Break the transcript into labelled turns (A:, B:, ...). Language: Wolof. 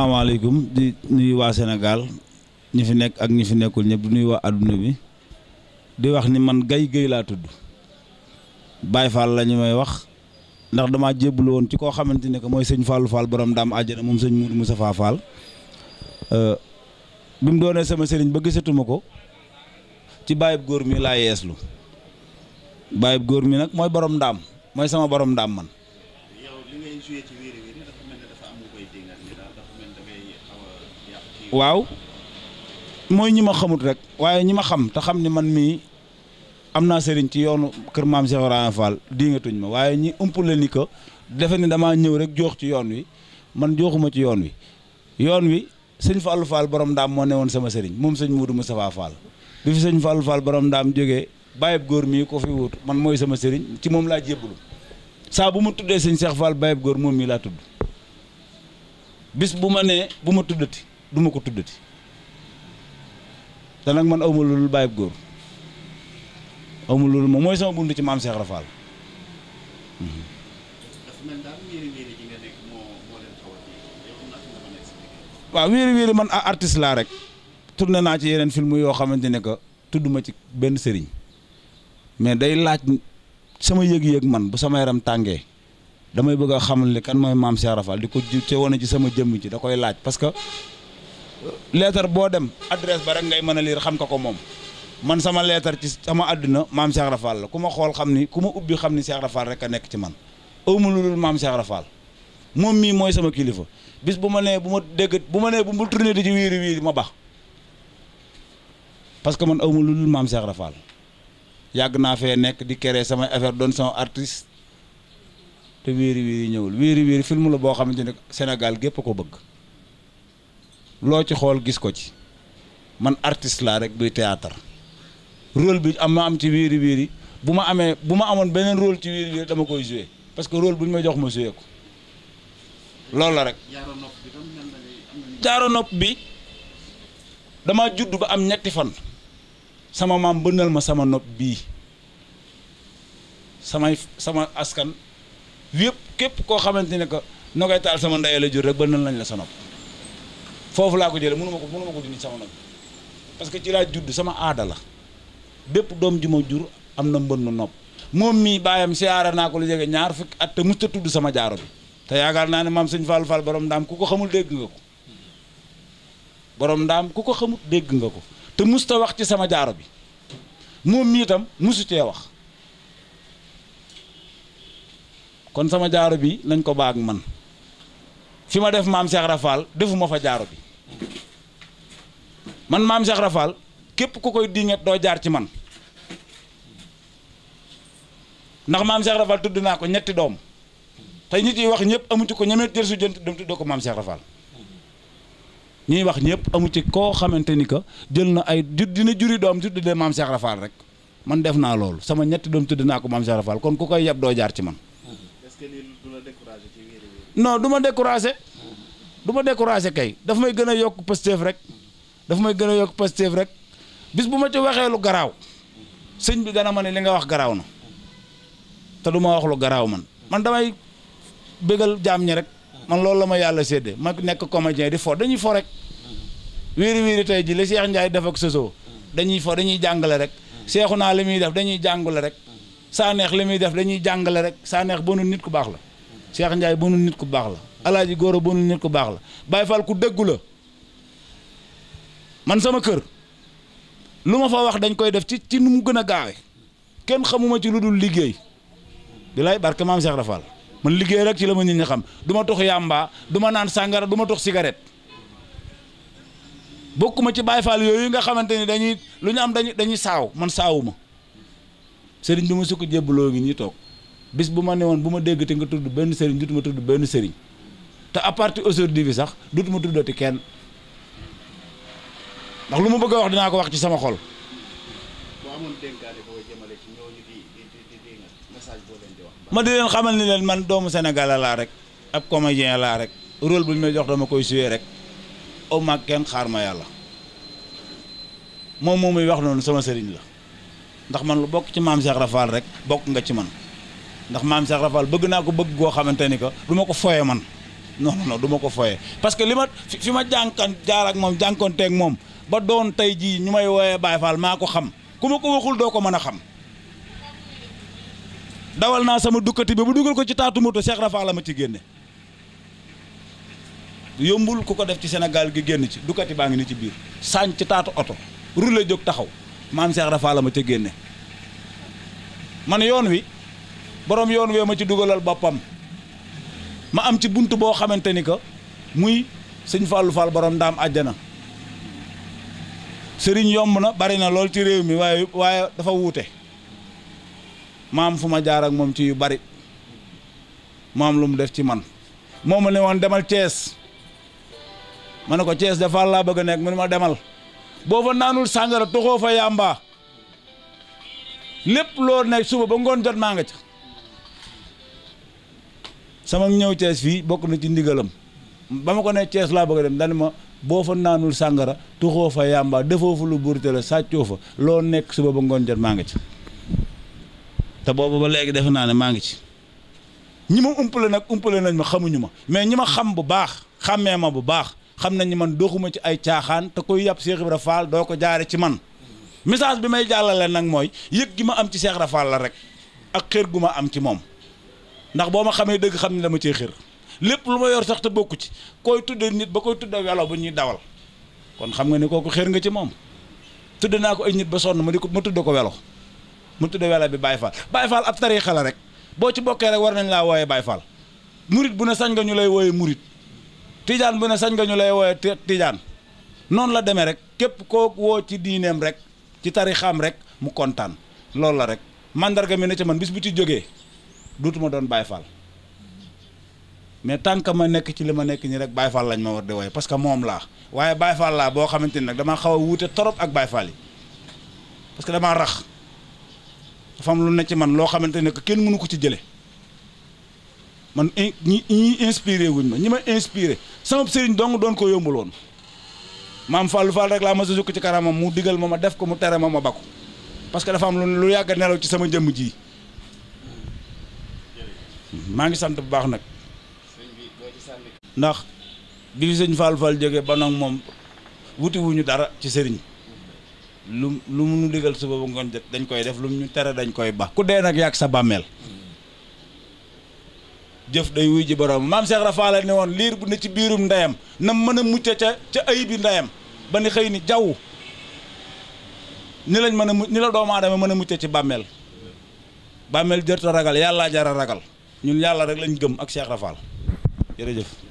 A: asalaamaaleykum di nuyu waa Sénégal ñu fi nekk ak ñu fi nekkul ñëpp di ñuy waa adduna bi di wax ni man gay Gueye laa tudd Baye Fall lañu ñu may wax ndax damaa jébbalu woon ci koo xamante ne que mooy sëñ Fallou Fall borom daam àjjana moom sëñ Mourou Moustapha Fall euh, bi mu doonee sama sëriñ ba gisatuma ko ci bàyyib góor mi laa yeeslu bàyyib góor mi nag mooy boroom ndaam mooy sama boroom ndaam man. waaw mooy ñi ma xamut rek waaye ñi ma xam te xam ni man mii am naa sëriñ ci yoonu kër maam Cheikh Ibrahima Fall nga tuñ ma waaye ñi ëmpule ni ko defe ni damaa ñëw rek joox ci yoon wi man jooxuma ci yoon wi yoon wi sëñ Fallou Fall borom ndaam moo ne woon sama sëriñ moom sëñ Moudou Moustapha Fall bi fi sëñ Fallou Fall borom ndaam jóge bàyyib góor mii ko fi wut man mooy sama sëriñ ci moom laa jébbalu saa bu ma tuddee sëñ Cheikh Fall bàyyib góor moom mii laa tudd bis bu bu ma tuddati duma ko tuddati te nag man awma lu bàyyi góor awma loolu moom mooy sama bunt ci maam Cheikh Rafal. Mhm. waaw wéeri wéeri man artiste laa rek tourné naa ci yeneen film yoo xamante ne que ma ci benn sëriñ mais day laaj sama yëg-yëg man bu sama yaram tàngee damay bëgg a xamal ne kan mooy maam Cheikh Rafal di ko ci wane ci sama jëmm ci da koy laaj parce que leetar boo dem adresse ba rek ngay mën a liir xam ko ko moom man sama leetar ci sama àdduna maam Cheikh Rafal la ku ma xool xam ni ku ma ubbi xam ni Cheikh Rafal rek a nekk ci man awma lu dul maam Cheikh Rafal moom mii mooy sama kilifa bis bu ma nee bu ma dégg bu ma bu mu tourné ci wiiri wiiri ma bax parce que man awma lu dul maam Rafal yàgg naa fee nekk di créer sama affaire doon sama artiste te wiiri wiiri ñëwul wiiri wiiri film la boo xamante ne Sénégal gépp ko bëgg loo ci xool gis ko ci man artiste laa rek buy théâtre rôle bi am ma am ci wiiri wiiri bu ma amee bu ma amoon beneen rôle ci wiiri wiiri dama koy joué parce que rôle bu ñu ma jox ma joué ko loolu la rek. jaaro nopp bi dama judd ba am ñetti fan sama maam bënnal ma sama nopp bii samay sama askan yëpp képp koo xamante ne que noo taal sama ndeyale jur rek bënnal nañ la sa nopp. foofu laa ko jëlee mënu ma ko mënu ma ko dindi sama nag parce que ci laa judd sama aada la bépp doom ji ma jur am na mbënn nopp moom mii baayam siyaara naa ko lu jege ñaar fukki at te musta tudd sama jaaro te yaakaar naa ne maam sëñ Fall Fall borom ndaam ku ko xamul dégg nga ndaam ku ko xamul dégg nga ko te musta wax ci sama jaaro bi moom mii itam musu cee wax kon sama jaaro bi nañ ko baag man fi ma def maam Cheikh Rafal defuma fa jaaro bi man maam Cheikh Rafal képp ku koy diiŋat doo jaar ci man ndax maam Cheikh Rafal tudd naa ko ñetti doom te nit yi wax ñëpp amu ci ko ñemee jël su jënt dem tuddoo ko maam Cheikh wax ñëpp amu ci koo xamante ni que jël na ay jur dina juri doom tudd de maam Cheikh Rafal rek man def naa loolu sama ñetti doom tudd naa ko maam Cheikh Rafal kon ku koy yeb doo jaar ci man. non du ma découragé du ma découragé kay daf may gën a yokk Pastef rek daf may gën a yokk Pastef rek bis bu ma ci waxee lu garaaw sëñ bi dana ma ne li nga wax garaaw na te du ma wax lu garaaw man man damay bégal jaam ñi rek man loolu la ma yàlla séddee ma nekk comédien di fo dañuy fo rek wiiri wiiri tey ji li Cheikh Ndiaye def ak Soso dañuy fo dañuy jàngale rek seexu naa li muy def dañuy jàngale rek saa neex li muy def dañuy jàngale rek saa neex bonu nit ku baax la Cheikh Ndiaye bonul nit ku baax la alaaji góoro bonul nit ku baax la Baye Fall ku dëggu la man sama kër lu ma fa wax dañ koy def ci ci nu mu gën a gaawe kenn xamuma ci lu dul liggéey bilaay barke maam Cheikh Rafal man liggéey rek ci la ma nit ñi xam duma ma tox yàmba du naan sàngara du ma tox cigarette bokkuma ci Baye Fall yooyu nga xamante ni dañuy lu ñu am dañuy dañuy saaw man saawuma sëriñ bi ma sukk jébbaloo gi ñuy toog bis bu ma ne woon bu ma dégg te nga tudd benn sëriñ ma tudd benn sëriñ te à partir aujourd'hui bi sax dutuma tuddati kenn ndax lu ma bëgg a wax dinaa ko wax ci sama xol. ma di leen xamal ni leen man doomu Sénégal laa rek ab comédien laa rek rôle bu ñu may jox dama koy suyee rek aw mag kenn xaar ma yàlla moom moom muy wax noonu sama sëriñ la ndax man lu bokk ci maam Cheikh Rafal rek bokk nga ci man. ndax maam Cheikh Rafal bëgg naa ko bëgg goo xamante ni que du ma ko foye man non non du ma ko foye parce que li ma fi ma jànkan jaar ak moom jànkonteeg moom ba doon tey jii ñu may wooyee Baye Fall maa ko xam ku ma ko waxul doo ko mën a xam dawal naa sama dukkati bi bu dugal ko ci taatu moto Cheikh Rafal la ma ci génne yombul ku ko def ci Sénégal gi génn ci dukkati baa ngi ni ci biir saañ ci taatu oto rule jóg taxaw maam Cheikh Rafal la ma ca génne man yoon wi borom yoon wee ma ci dugalal boppam ma am ci bunt boo xamante ni que muy sëñ Fallou Fall borom ndaam àjjana sëriñ yomb na bari na lool ci réew mi waaye waaye dafa wuute maam fu ma jaar moom ci yu bari maam lu mu def ci man moo ma ne won demal Thiès ma ne ko Thiès dafa laa bëgg a nekk mu ne ma demal boo fa naanul sàngara toxoo fa yàmbaa lépp loo nekk suba ba ngoon jot maa nga ca sama ñëw Thiès fii bokk na ci ndigalam ba ma ko ne Thiès laa bëgg dem dani ma boo fa naanul sàngara tuxoo fa yàmba defoo fa lu burte la sàccoo fa loo nekk suba ba ngoon jot maa ngi ci te boobu ba léegi defe naa ne maa ngi ci ñi ma umpale nag umpale nañ ma xamuñu ma mais ñi ma xam bu baax xàmmee ma bu baax xam nañ man doxuma ci ay caaxaan te koy yàpp Cheikh Ibra Fall doo ko jaare ci man message bi may jàllale nag mooy yëg gi ma am ci Cheikh Ibra la rek ak xër gu ma am ci moom ndax boo ma xamee dëgg xam ne dama cee xër lépp lu ma yor sax te bokk ci koy tudd nit ba koy tudde welo bu ñuy dawal kon xam nga ne kooku xër nga ci moom tudde naa ko ay nit ba sonn ma di ko ma tudde ko welo mu tudd welo bi Baye Fall Baye Fall ab tariixa la rek boo ci bokkee rek war nañ laa wooye Baye Fall murit bu ne sañ nga ñu lay wooyee murit tijaan bu ne sañ nga ñu lay wooyee tijaan noonu la demee rek képp kook woo ci diineem rek ci tarixaam rek mu kontaan loolu la rek mandarga mi ne ci man bis bu ci jógee dootuma doon Baye Fall mais tant que ma nekk ci li ma nekk nii rek Baye Fall lañ ma war di woy parce que moom laa waaye Baye Fall laa boo xamante ni nag damaa xaw a wuute trop ak Baye Fall yi parce que rax dafa am lu ne ci man loo xamante ne que kenn mënu ko ci jële man ñi ñi inspiré wuñ ma ñi ma inspiré sama sëriñ dong doon ko yombul woon maam Fallou Fall rek laa ma sa sukk ci karamam mu digal ma ma def ko mu tere ma ma bakku parce que dafa am lu lu yàgg nelaw ci sama jëmm ji. maa ngi sant bu baax nag. ndax bi sëñ Fall Fall jógee ba nag moom wuti dara ci sëriñ lu lu mu digal suba ba ngoon jot dañ koy def lu mu ñu tere dañ koy ba ku dee nag yàgg sa bàmmeel jëf day wuy ji borom maam Cheikh Rafaale ne woon liir bu ne ci biirum ndeyam na mën a mucc ca ca ay bi ndeyam ba ni xëy ni jaww ni lañ mën a mu doomu aadama mën a mucc ci bàmmeel bàmmeel jër ta ragal yàllaa jara ragal ñun yàlla rek lañ gëm ak Cheikh Rafal jërëjëf.